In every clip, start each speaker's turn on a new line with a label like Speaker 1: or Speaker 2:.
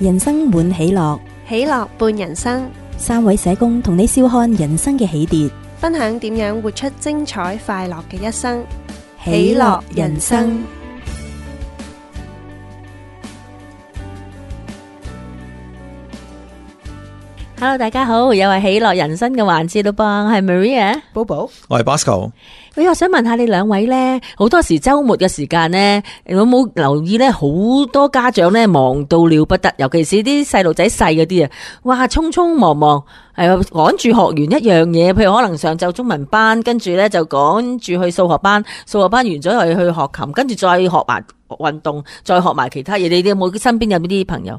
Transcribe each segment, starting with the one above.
Speaker 1: 人生滿喜樂，喜樂伴人生。三位社工同你笑看人生嘅起跌，分享點樣活出精彩快樂嘅一生。喜樂人生。Hello，大家好，又係喜樂人生嘅環節咯噃，係 Maria，Bobo，我係 Bosco Bob o?、哎。我想問下你兩位呢，好多時周末嘅時間呢，你有冇留意呢？好多家長呢，忙到了不得，尤其是啲細路仔細嗰啲啊，哇，匆匆忙忙，係趕住學完一樣嘢，譬如可能上晝中文班，跟住呢就趕住去數學班，數學班完咗又去學琴，跟住再學埋運動，再學埋其他嘢。你哋有冇身
Speaker 2: 邊有邊啲朋友？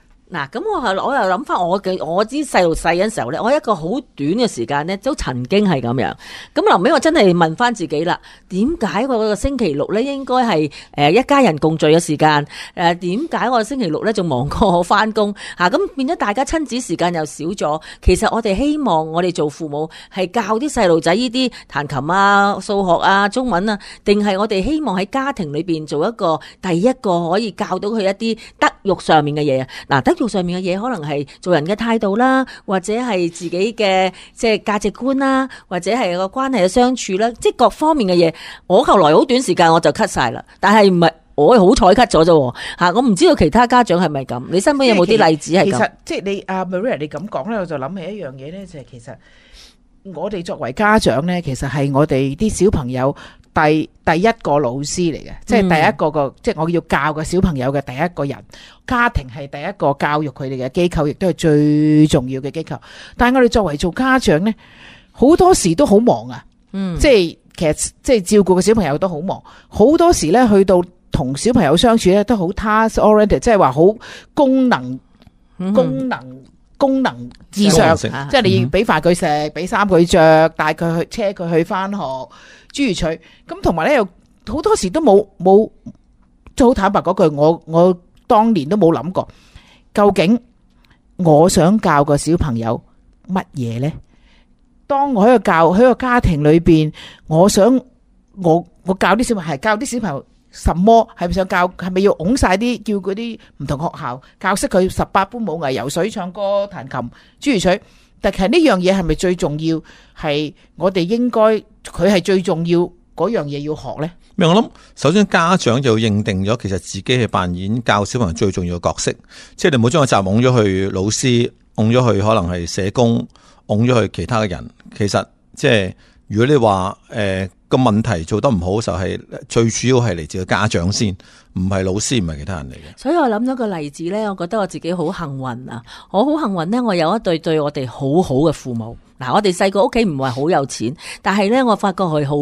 Speaker 2: 嗱，咁
Speaker 1: 我係我又諗翻我嘅，我知細路細嘅時候咧，我一個好短嘅時間咧，都曾經係咁樣。咁臨尾我真係問翻自己啦，點解我個星期六咧應該係誒一家人共聚嘅時間？誒點解我星期六咧仲忙過我翻工？咁變咗大家親子時間又少咗。其實我哋希望我哋做父母係教啲細路仔呢啲彈琴啊、數學啊、中文啊，定係我哋希望喺家庭裏面做一個第一個可以教到佢一啲德育上面嘅嘢啊？嗱，德上面嘅嘢可能係做人嘅態度啦，或者係自己嘅即係價值觀啦，或者係個關係嘅相處啦，即係各方面嘅嘢。我後來好短時間我就 cut 曬啦，但係唔係我係好彩 cut 咗啫，嚇！我唔知道其他家長係咪咁？你身邊有冇啲例子係咁？其
Speaker 2: 實即係你阿 Maria 你咁講咧，我就諗起一樣嘢咧，就係其實我哋作為家長咧，其實係我哋啲小朋友。第第一個老師嚟嘅，即係第一個個，即係我要教個小朋友嘅第一個人。家庭係第一個教育佢哋嘅機構，亦都係最重要嘅機構。但係我哋作為做家長咧，好多時都好忙啊。嗯即其實，即係其實即係照顧個小朋友都好忙，好多時咧去到同小朋友相處咧都好 task oriented，即係話好功能功能。功能功能至上，即係你要俾飯佢食，俾衫佢着，帶佢去車佢去翻學，諸如此類。咁同埋咧，又好多時都冇冇即係好坦白嗰句，我我當年都冇諗過，究竟我想教個小朋友乜嘢咧？當我喺個教喺個家庭裏邊，我想我我教啲小朋友，係教啲小朋友。什麼係咪想教？係咪要㧬晒啲叫嗰啲唔同學校教識佢十八般武藝、游水、唱歌、彈琴、諸如此類？但其實呢樣嘢係咪最重要？係我哋應該佢係最重要嗰樣嘢要學呢？
Speaker 3: 咩？我諗首先家長就認定咗，其實自己係扮演教小朋友最重要嘅角色，即係你唔好將個責任㧬咗去老師，㧬咗去可能係社工，㧬咗去其他嘅人。其實即係如果你話誒。個問題做得唔好，就係最主要係嚟自個家長先。唔係老師，唔係其他人嚟嘅。
Speaker 1: 所以我諗咗個例子咧，我覺得我自己好幸運啊！我好幸運咧，我有一對對我哋好好嘅父母。嗱，我哋細個屋企唔係好有錢，但係咧，我發覺佢好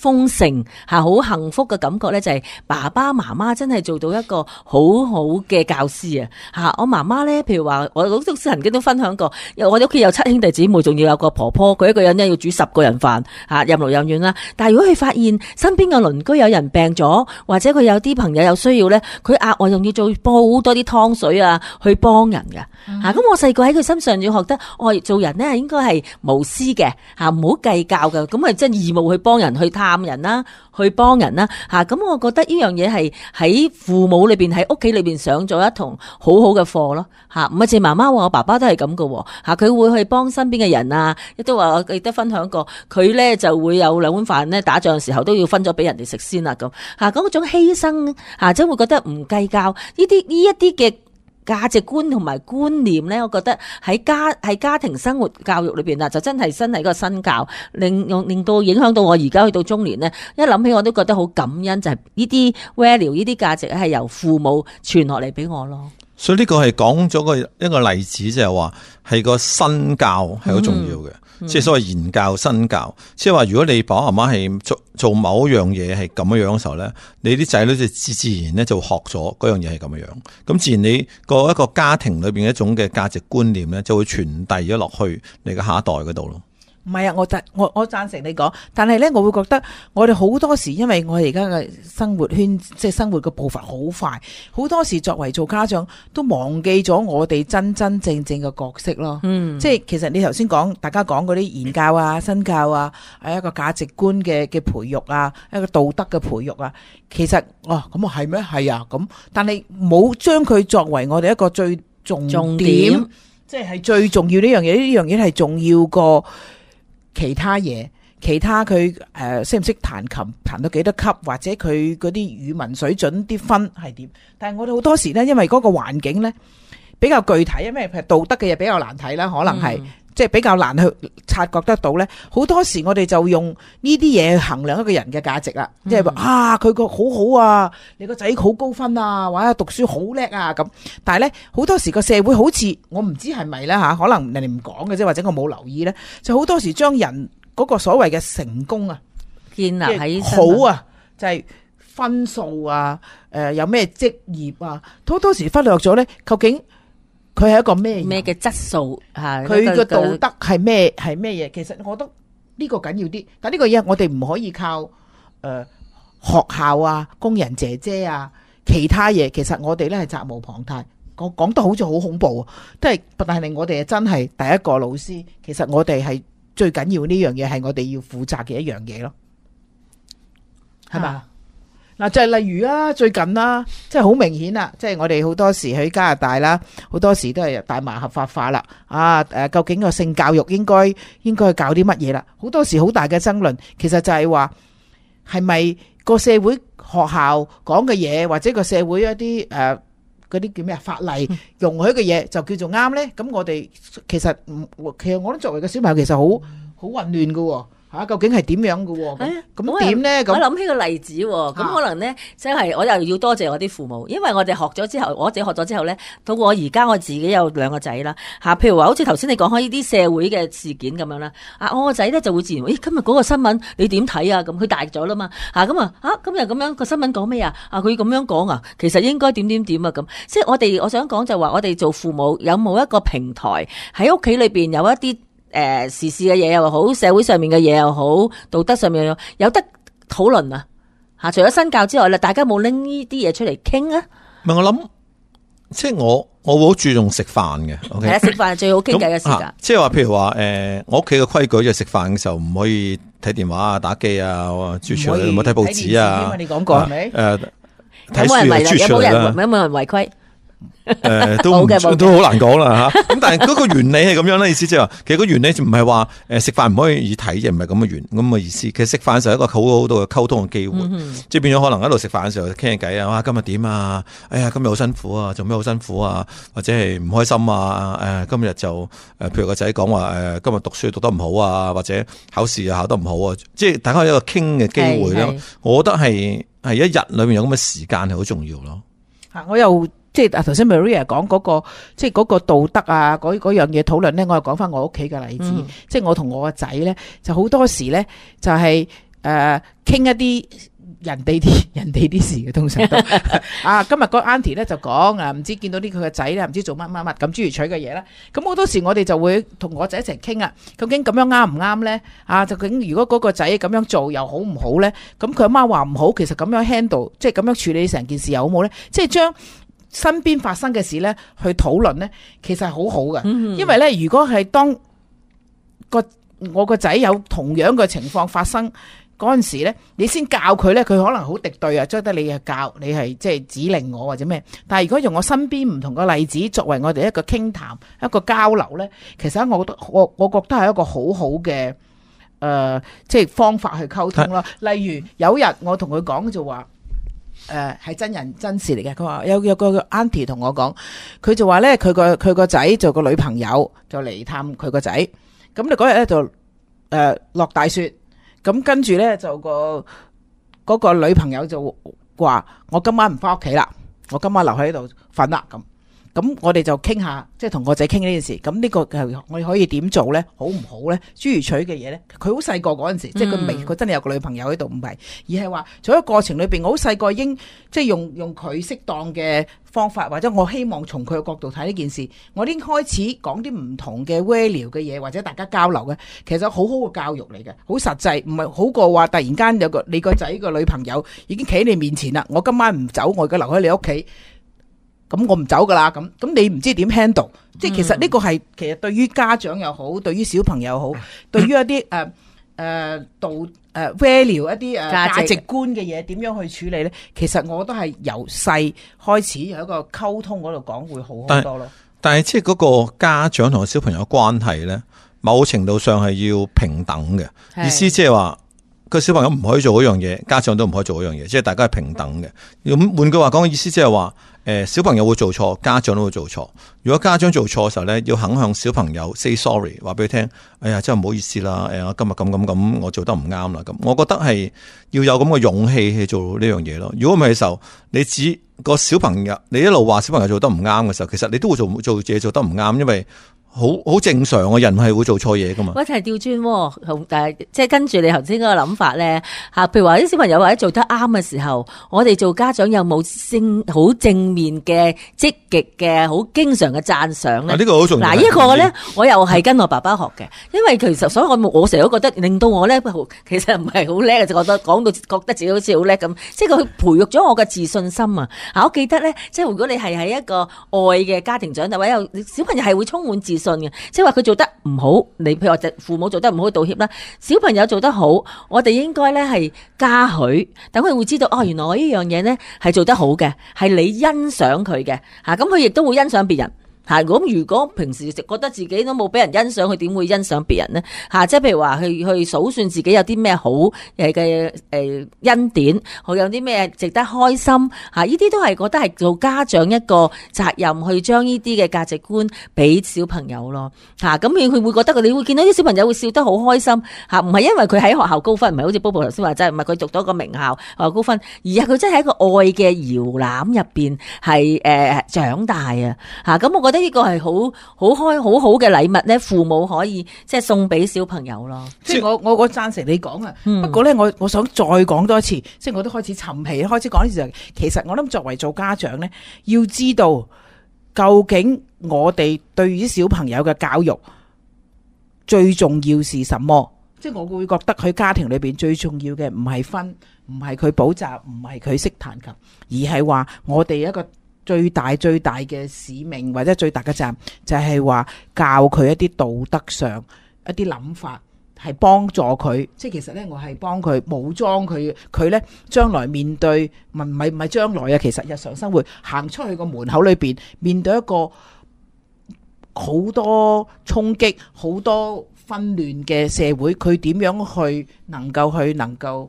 Speaker 1: 豐盛，吓好幸福嘅感覺咧，就係爸爸媽媽真係做到一個好好嘅教師啊！吓，我媽媽咧，譬如話我老早曾經都分享過，我哋屋企有七兄弟姊妹，仲要有個婆婆，佢一個人咧要煮十個人飯，吓任勞任怨啦。但係如果佢發現身邊嘅鄰居有人病咗，或者佢有啲朋友有需要咧，佢額外仲要做煲多啲湯水啊，去幫人嘅。吓、mm，咁、hmm. 啊、我細個喺佢身上要學得，我做人咧應該係無私嘅，吓唔好計較嘅。咁啊，即係、啊、義務去幫人、去探人啦、啊，去幫人啦、啊。吓、啊，咁我覺得呢樣嘢係喺父母裏邊、喺屋企裏邊上咗一堂好好嘅課咯。吓、啊，唔似媽媽話我爸爸都係咁嘅。吓、啊，佢會去幫身邊嘅人啊，亦都話我記得分享過，佢咧就會有兩碗飯咧打仗嘅時候都要分咗俾人哋食先啦。咁、啊、吓，嗰種犧牲。啊，或者會覺得唔計較呢啲呢一啲嘅價值觀同埋觀念咧，我覺得喺家喺家庭生活教育裏邊嗱，就真係身係一個身教，令令到影響到我而家去到中年咧，一諗起我都覺得好感恩，就係呢啲 value 呢啲價值係由父母傳落嚟俾我咯。
Speaker 3: 所以呢個係講咗個一個例子，就係話係個身教係好重要嘅，即係、嗯嗯、所謂言教身教。即係話如果你爸爸媽媽係做做某樣嘢係咁樣樣嘅時候咧，你啲仔女就自然咧就學咗嗰樣嘢係咁樣樣。咁自然你個一個家庭裏邊一種嘅價值觀念咧，就會傳遞咗落去你嘅下一代嗰度咯。
Speaker 2: 唔係啊，我贊我我贊成你講，但係咧我會覺得，我哋好多時因為我而家嘅生活圈，即係生活嘅步伐好快，好多時作為做家長都忘記咗我哋真真正正嘅角色咯。嗯，即係其實你頭先講，大家講嗰啲言教啊、身教啊，係一個價值觀嘅嘅培育啊，一個道德嘅培育啊。其實，哇，咁啊係咩？係啊，咁、啊、但係冇將佢作為我哋一個最重點，重點即係係最重要呢樣嘢，呢樣嘢係重要過其他嘢，其他佢誒識唔識彈琴，彈到幾多級，或者佢嗰啲語文水準啲分係點，但係我哋好多時咧，因為嗰個環境咧比較具體，因為其實道德嘅嘢比較難睇啦，可能係。即係比較難去察覺得到呢。好多時我哋就用呢啲嘢去衡量一個人嘅價值啦，嗯、即係話啊，佢個好好啊，你個仔好高分啊，或者讀書好叻啊咁。但係呢，好多時個社會好似我唔知係咪呢吓，可能人哋唔講嘅啫，或者我冇留意呢，就好多時將人嗰個所謂嘅成功啊，建立喺好啊，啊就係分數啊，呃、有咩職業啊，好多時忽略咗呢，究竟。佢係一個咩咩嘅質素，佢嘅道德係咩係咩嘢？其實我覺得呢個緊要啲，但呢個嘢我哋唔可以靠誒、呃、學校啊、工人姐姐啊、其他嘢。其實我哋咧係責無旁貸。我講得好似好恐怖，都係，但係我哋真係第一個老師。其實我哋係最緊要呢樣嘢，係我哋要負責嘅一樣嘢咯，係嘛？嗱，就係例如啦，最近啦，即係好明顯啦，即係我哋好多時喺加拿大啦，好多時都係大麻合法化啦，啊，誒，究竟個性教育應該應該去搞啲乜嘢啦？好多時好大嘅爭論，其實就係話係咪個社會學校講嘅嘢，或者個社會一啲誒嗰啲叫咩啊法例容許嘅嘢，就叫做啱呢？咁我哋其實唔，其實我都作為個小朋友，其實好好混亂㗎喎。啊、究竟係點樣嘅喎？咁點咧？咁、哎、呀我諗
Speaker 1: 起個例子喎，咁、啊、可能咧，即、就、係、是、我又要多謝我啲父母，因為我哋學咗之後，我自己學咗之後咧，到我而家我自己有兩個仔啦、啊。譬如話，好似頭先你講開呢啲社會嘅事件咁樣啦。啊，我個仔咧就會自然，咦、哎，今日嗰個新聞你點睇啊？咁佢大咗啦嘛，嚇咁啊，今日咁樣個新聞講咩啊？啊，佢咁、啊、樣講啊，啊，啊，其實應該點點點啊咁、啊。即係我哋我想講就話，我哋做父母有冇一個平台喺屋企裏邊有一啲。誒，時事嘅嘢又好，社會上面嘅嘢又好，道德上面有得討論啊！吓，除咗身教之外啦，大家冇拎呢啲嘢出嚟傾啊？
Speaker 3: 唔係我諗，即係我我會好注重食飯嘅。係食
Speaker 1: 飯係最好傾偈嘅時間。
Speaker 3: 即係話，譬如話誒、呃，我屋企嘅規矩就食飯嘅時候唔可以睇電話啊、打機啊、啜出嚟，唔好睇報紙啊。
Speaker 1: 咁啊，你
Speaker 3: 講過係咪？誒，睇書又啜出嚟啦。有
Speaker 1: 冇人違規？誒、呃，都 都好難講
Speaker 3: 啦吓。咁但係嗰個原理係咁樣啦。意思即係話，其實個原理唔係話誒食飯唔可以以睇嘅，唔係咁嘅原咁嘅意思。其實食飯就係一個好好多嘅溝通嘅機會，嗯、哼即係變咗可能一路食飯嘅時候傾下偈啊。哇，今日點啊？哎呀，今日好辛苦啊，做咩好辛苦啊？或者係唔開心啊？誒、哎，今日就譬如個仔講話誒，今日讀書讀得唔好啊，或者考試啊考得唔好啊，即係大家一個傾嘅機會咯。是是我覺得係係一日裏面有咁嘅時間係好重要咯。
Speaker 2: 吓，我又。即係啊，頭先 Maria 講嗰個，即係嗰個道德啊，嗰樣嘢討論咧，我係講翻我屋企嘅例子。嗯嗯，即係我同我個仔咧，就好多時咧，就係誒傾一啲人哋啲人哋啲事嘅，通常都 啊。今日個 Auntie 咧就講啊，唔知見到呢佢個仔咧，唔知做乜乜乜咁諸如取嘅嘢啦。咁好多時我哋就會同我仔一齊傾啊，究竟咁樣啱唔啱咧？啊，就究竟如果嗰個仔咁樣做又好唔好咧？咁佢阿媽話唔好，其實咁樣 handle，即係咁樣處理成件事又好冇咧？即係將。身邊發生嘅事呢，去討論呢，其實係好好嘅。因為呢，如果係當個我個仔有同樣嘅情況發生嗰陣時呢，你先教佢呢，佢可能好敵對啊，覺得你係教你係即係指令我或者咩。但係如果用我身邊唔同嘅例子作為我哋一個傾談、一個交流呢，其實我覺得我我覺得係一個好好嘅誒，即係方法去溝通咯。例如有日我同佢講就話。誒，係、呃、真人真事嚟嘅。佢話有有個 aunty 同我講，佢就話呢，佢個佢、呃、個仔做、個女朋友就嚟探佢個仔。咁你嗰日呢，就誒落大雪，咁跟住呢，就個嗰個女朋友就話我今晚唔翻屋企啦，我今晚留喺度瞓啦咁。咁我哋就傾下，即係同個仔傾呢件事。咁呢個係我哋可以點做呢？好唔好呢？諸如取嘅嘢呢？佢好細個嗰陣時，嗯、即係佢未，佢真係有個女朋友喺度，唔係，而係話做一個過程裏邊，我好細個已經即係用用佢適當嘅方法，或者我希望從佢嘅角度睇呢件事，我已經開始講啲唔同嘅 value 嘅嘢，或者大家交流嘅，其實好好嘅教育嚟嘅，好實際，唔係好過話突然間有個你個仔個女朋友已經企喺你面前啦，我今晚唔走，我而家留喺你屋企。咁我唔走噶啦，咁咁你唔知點 handle？即係其實呢個係其實對於家長又好，對於小朋友又好，對於一啲誒誒導誒 value 一啲誒價值觀嘅嘢，點樣去處理咧？其實我都係由細開始有一個溝通嗰度講會好好多咯。
Speaker 3: 但係即係嗰個家長同個小朋友關係咧，某程度上係要平等嘅意思，即係話。個小朋友唔可以做嗰樣嘢，家長都唔可以做嗰樣嘢，即係大家係平等嘅。咁換句話講嘅意思，即係話，誒，小朋友會做錯，家長都會做錯。如果家長做錯嘅時候咧，要肯向小朋友 say sorry，話俾佢聽，哎呀，真係唔好意思啦，誒、哎，今日咁咁咁，我做得唔啱啦。咁我覺得係要有咁嘅勇氣去做呢樣嘢咯。如果唔係嘅時候，你指個小朋友，你一路話小朋友做得唔啱嘅時候，其實你都會做做嘢做，做得唔啱，因為。好好正常啊！人係會做錯嘢㗎嘛？
Speaker 1: 我哋係倒轉，同誒，即係跟住你頭先嗰個諗法咧吓。譬如話啲小朋友或者做得啱嘅時候，我哋做家長有冇正好正面嘅積極嘅好經常嘅讚賞咧？啊，這個啊這個、呢個好重要。嗱義，呢一個咧，我又係跟我爸爸學嘅，因為其實所以我我成日都覺得令到我咧，其實唔係好叻，就覺得講到覺得自己好似好叻咁，即係佢培育咗我嘅自信心啊！我記得咧，即係如果你係喺一個愛嘅家庭長大，或者小朋友係會充滿自信。信嘅，即係話佢做得唔好，你譬如話父母做得唔好，道歉啦；小朋友做得好，我哋應該咧係嘉許，等佢會知道哦，原來我呢樣嘢咧係做得好嘅，係你欣賞佢嘅吓，咁、嗯、佢亦都會欣賞別人。吓，咁如果平時覺得自己都冇俾人欣賞，佢點會欣賞別人呢？吓，即係譬如話去去數算自己有啲咩好誒嘅誒恩典，好有啲咩值得開心吓，呢啲都係覺得係做家長一個責任，去將呢啲嘅價值觀俾小朋友咯。吓、啊，咁佢會覺得佢你會見到啲小朋友會笑得好開心吓，唔、啊、係因為佢喺學校高分，唔係好似 Bobo 頭先話即係唔係佢讀到個名校、校高分，而係佢真係喺個愛嘅搖籃入邊係誒長大啊吓，咁我覺。啊啊啊啊啊啊啊覺得呢個係好
Speaker 2: 好開好好嘅禮物咧，父母可以即係送俾小朋友咯。即係我我我贊成你講啊。不過呢，我我想再講多一次，嗯、即係我都開始沉皮，開始講呢樣。其實我諗作為做家長呢，要知道究竟我哋對於小朋友嘅教育最重要是什麼？即係我會覺得佢家庭裏邊最重要嘅唔係分，唔係佢補習，唔係佢識彈琴，而係話我哋一個。最大最大嘅使命或者最大嘅責任，就就係話教佢一啲道德上一啲諗法，係幫助佢。即係其實咧，我係幫佢武裝佢。佢咧將來面對唔係唔係唔係將來啊，其實日常生活行出去個門口裏邊面對一個好多衝擊、好多紛亂嘅社會，佢點樣去能夠去能夠？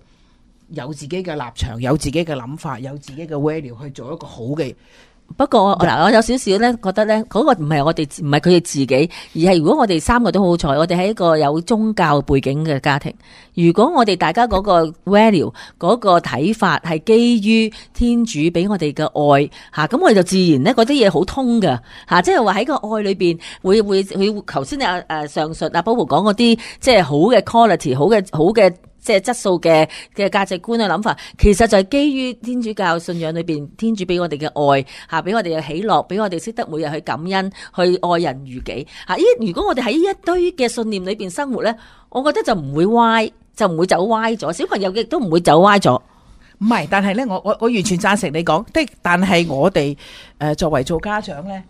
Speaker 2: 有自己嘅立場，有自己嘅諗法，有自己嘅 value 去做一個好嘅。不過嗱，我有少少咧，覺得咧嗰、嗰個唔係我哋唔係佢
Speaker 1: 哋自己，而係如果我哋三個都好彩，我哋喺一個有宗教背景嘅家庭。如果我哋大家嗰個 value 嗰、嗰個睇法係基於天主俾我哋嘅愛吓，咁我哋就自然呢嗰啲嘢好通嘅吓，即係話喺個愛裏邊會會會。頭先阿誒，剛才上述阿波波講嗰啲即係好嘅 quality，好嘅好嘅。即係質素嘅嘅價值觀嘅諗法，其實就係基於天主教信仰裏邊，天主俾我哋嘅愛嚇，俾我哋嘅喜樂，俾我哋識得每日去感恩，去愛人如己嚇。依如果我哋喺依一堆嘅信念裏邊生活咧，我覺得就唔會歪，
Speaker 2: 就唔會走歪咗。小朋友亦都唔會走歪咗。唔係，但係咧，我我我完全贊成你講，即但係我哋誒、呃、作為做家長咧，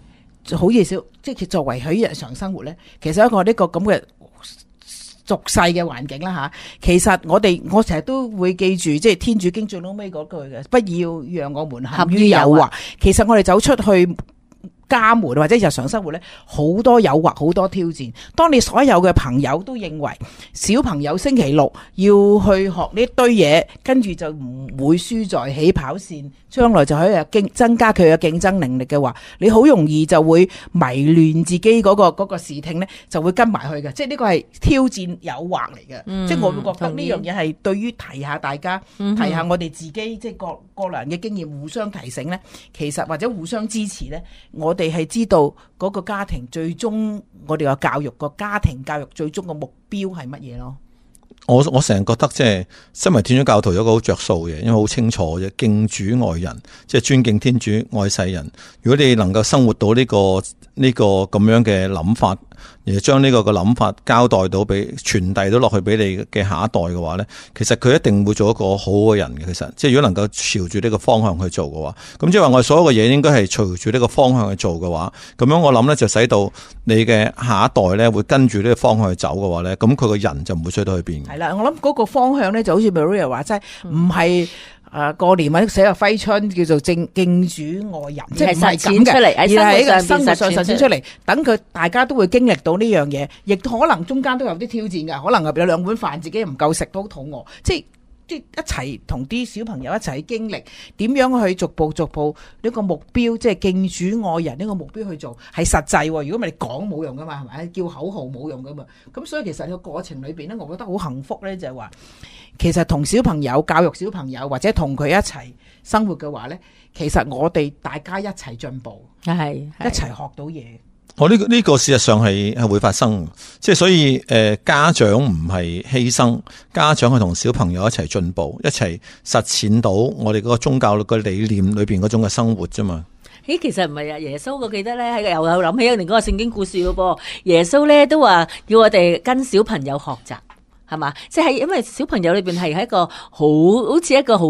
Speaker 2: 好意思，即係作為喺日常生活咧，其實一個呢個咁嘅。俗世嘅環境啦吓，其實我哋我成日都會記住，即係《天主經》最尾嗰句嘅，不要讓我們陷於誘惑有啊。其實我哋走出去家門或者日常生活咧，好多誘惑，好多挑戰。當你所有嘅朋友都認為小朋友星期六要去學呢堆嘢，跟住就唔會輸在起跑線，將來就可以增增加佢嘅競爭能力嘅話，你好容易就會迷亂自己嗰個嗰個視聽呢，就會跟埋去嘅。即係呢個係挑戰誘惑嚟嘅，嗯、即係我會覺得呢樣嘢係對於提下大家，嗯、哼提下我哋自己即係各各個人嘅經驗，互相提醒呢，其實或者互相支持呢。我。我哋係知道嗰個家庭最終，我哋嘅教育，個家庭教育最終嘅目標係乜嘢咯？
Speaker 3: 我我成日覺得即係身為天主教徒有一個好着數嘅，因為好清楚嘅，敬主愛人，即係尊敬天主愛世人。如果你能夠生活到呢個呢個咁樣嘅諗法。而將呢個嘅諗法交代到俾傳遞到落去俾你嘅下一代嘅話咧，其實佢一定會做一個好嘅人嘅。其實，即係如果能夠朝住呢個方向去做嘅話，咁即係話我哋所有嘅嘢，應該係朝住呢個方向去做嘅話，咁樣我諗咧就使到你嘅下一代咧會跟住呢個方向去走嘅話咧，咁佢個人就唔會衰到去邊
Speaker 2: 嘅。係啦，我諗嗰個方向咧就好似 Maria 話齋，唔係、嗯。啊！過年或者寫個揮春，叫做正敬主外人，即係實踐出嚟，而係喺個生活上實踐出嚟。等佢大家都會經歷到呢樣嘢，亦可能中間都有啲挑戰㗎。可能入邊有兩碗飯自己唔夠食，都好肚餓。即係。一齊同啲小朋友一齊經歷，點樣去逐步逐步呢個目標，即係敬主愛人呢個目標去做，係實際。如果唔係你講冇用噶嘛，係咪？叫口號冇用噶嘛。咁所以其實個過程裏邊咧，我覺得好幸福咧，就係話，其實同小朋友教育小朋友，或者同佢一齊生活嘅話咧，其實我哋大家一齊進步，係一齊學到嘢。
Speaker 3: 我呢個呢個事實上係係會發生，即係所以誒、呃、家長唔係犧牲，家長係同小朋友一齊進步，一齊實踐到我哋嗰個宗教嘅理念裏邊嗰種嘅生活啫嘛。
Speaker 1: 咦，其實唔係啊，耶穌，我記得咧，喺又又諗起一年嗰個聖經故事嘅噃。耶穌咧都話要我哋跟小朋友學習，係嘛？即、就、係、是、因為小朋友裏邊係一個好好似一個好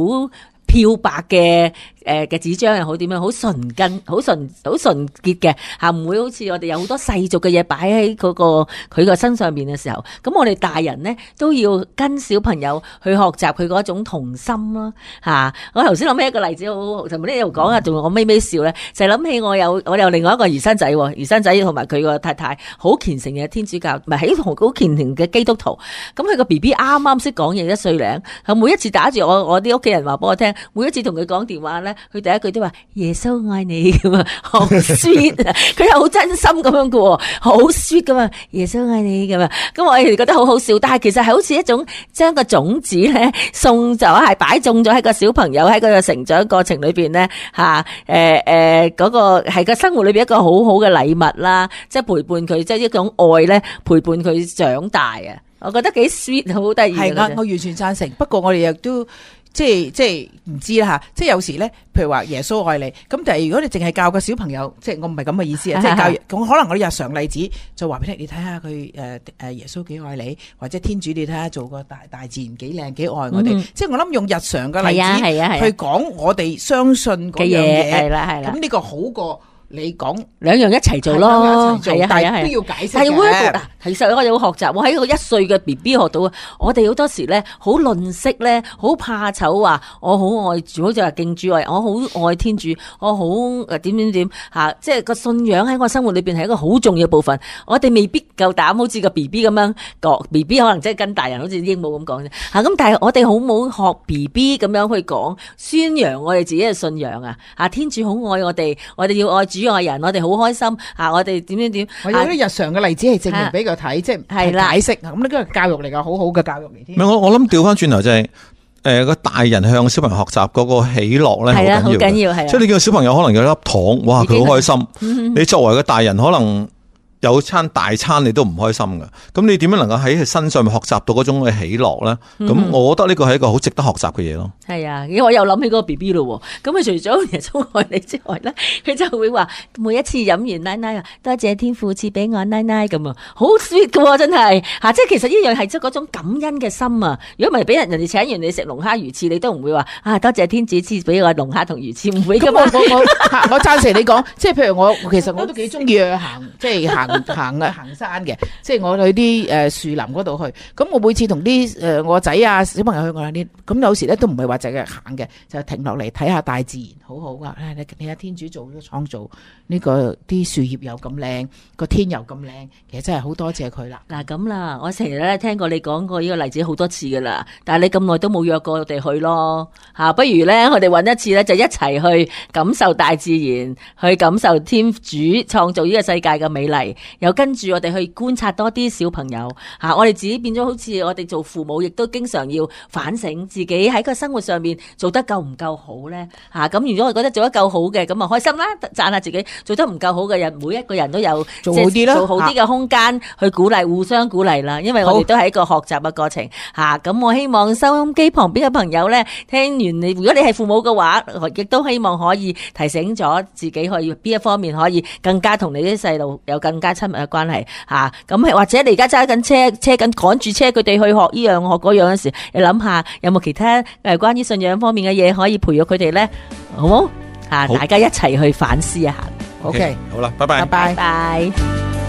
Speaker 1: 漂白嘅。誒嘅紙張又好點樣好純根好純好純潔嘅吓，唔會好似我哋有好多世俗嘅嘢擺喺嗰個佢個身上邊嘅時候，咁我哋大人咧都要跟小朋友去學習佢嗰種童心咯、啊、吓、啊。我頭先諗起一個例子，好頭先呢度講啊，仲我微微笑咧，就諗、是、起我有我有另外一個兒生仔，兒生仔同埋佢個太太好虔誠嘅天主教，唔係喺好虔誠嘅基督徒。咁佢個 B B 啱啱識講嘢，一歲零，每一次打住我我啲屋企人話俾我聽，每一次同佢講電話咧。佢第一句都話耶穌愛你咁啊，好 sweet，佢係好真心咁樣嘅，好 sweet 噶嘛，耶穌愛你咁啊，咁我哋覺得好好笑，但係其實係好似一種將個種子咧送咗，係擺種咗喺個小朋友喺個成長過程裏邊咧，吓，誒誒，嗰個係個生活裏邊一個好好嘅禮物啦，即係陪伴佢，即係一種愛咧，陪伴佢長大啊，我覺得幾 sweet，好得意。係啊，我
Speaker 2: 完全贊成，不過我哋亦都。即係即係唔知啦吓！即係有時咧，譬如話耶穌愛你咁。但係如果你淨係教個小朋友，即係我唔係咁嘅意思啊！是是是即係教，咁可能我啲日常例子，就話俾你，你睇下佢誒誒耶穌幾愛你，或者天主你看看，你睇下做個大大自然幾靚幾愛我哋。嗯、哼即係我諗用日常嘅例子，係啊，係啊，係啊去講我哋相信嘅嘢。係啦係啦，咁呢、啊啊、個好過。你講
Speaker 1: 兩樣一齊做咯，係啊係啊，但係必須要解釋啊。其實我有學習，我喺個一歲嘅 B B 學到啊。我哋好多時咧，好吝嗇咧，好怕醜話，我好愛主，好似話敬主愛，我好愛天主，我好點點點點，即係個信仰喺我生活裏面係一個好重要部分。我哋未必夠膽好似個 B B 咁樣講，B B 可能真係跟大人英好似鸚鵡咁講啫。咁但係我哋好冇學 B B 咁樣去講宣揚我哋自己嘅信仰啊。天主好愛我哋，我哋要愛主。外人，我哋好開心吓，我哋點點點，我有啲
Speaker 2: 日常嘅例子係證明俾佢睇，即係、啊、解釋。咁呢個教育嚟噶，好好嘅教育嚟
Speaker 3: 添。唔係我，我諗調翻轉頭，就係誒個大人向小朋友學習嗰個喜樂咧，好緊要。係啊、好緊要、係啊、即係你叫個小朋友可能有一粒糖，哇，佢好開心。 你作為個大人可能有餐大餐你都唔開心嘅，咁你點樣能夠喺佢身上學習到嗰種嘅喜樂咧？咁、嗯、哼我覺得呢個係一個好值得學習嘅嘢咯。
Speaker 1: 係啊，我又諗起嗰個 B B 咯喎，咁佢除咗人哋愛你之外咧，佢就會話每一次飲完奶奶啊，多謝天父賜俾我奶奶咁啊，好 sweet 㗎喎，真係即係其實呢樣係即係嗰種感恩嘅心啊。如果唔係俾人人哋請完你食龍蝦魚翅，你都唔會話啊，多謝天主賜俾我龍蝦同魚翅，唔會
Speaker 2: 嘅嘛、啊。我我， 我贊成你講，即係譬如我其實我都幾中意行，即係行。行 行啊行山嘅，即係我去啲誒樹林嗰度去。咁我每次同啲誒我仔啊小朋友去嗰啲，咁有時咧都唔係話淨係行嘅，就停落嚟睇下看看大自然，好好噶、哎。你睇下天主做咗創造呢、這個啲樹葉又咁靚，個天又咁靚，其實真係好多謝佢啦。
Speaker 1: 嗱咁啦，我成日咧聽過你講過呢個例子好多次噶啦，但係你咁耐都冇約過我哋去咯吓、啊，不如咧我哋搵一次咧就一齊去感受大自然，去感受天主創造呢個世界嘅美麗。有跟住我哋去觀察多啲小朋友、啊、我哋自己變咗好似我哋做父母，亦都經常要反省自己喺個生活上面做得夠唔夠好呢吓。咁、啊、如果我覺得做得夠好嘅，咁啊開心啦，讚下自己；做得唔夠好嘅人，每一個人都有做好啲做好啲嘅空間去鼓勵，啊、互相鼓勵啦。因為我哋都係一個學習嘅過程咁、啊好啊、我希望收音機旁邊嘅朋友呢，聽完你，如果你係父母嘅話，亦都希望可以提醒咗自己可以邊一方面可以更加同你啲細路有更家親密嘅關係，吓、啊、咁或者你而家揸緊車，車緊趕住車佢哋去學呢、這、樣、個、學嗰樣嘅時，你諗下有冇其他誒關於信仰方面嘅嘢可以培育佢哋咧，好冇？吓、啊、好大家一齊去反思一下。OK，, okay.
Speaker 3: 好啦了，拜拜，拜
Speaker 1: 拜。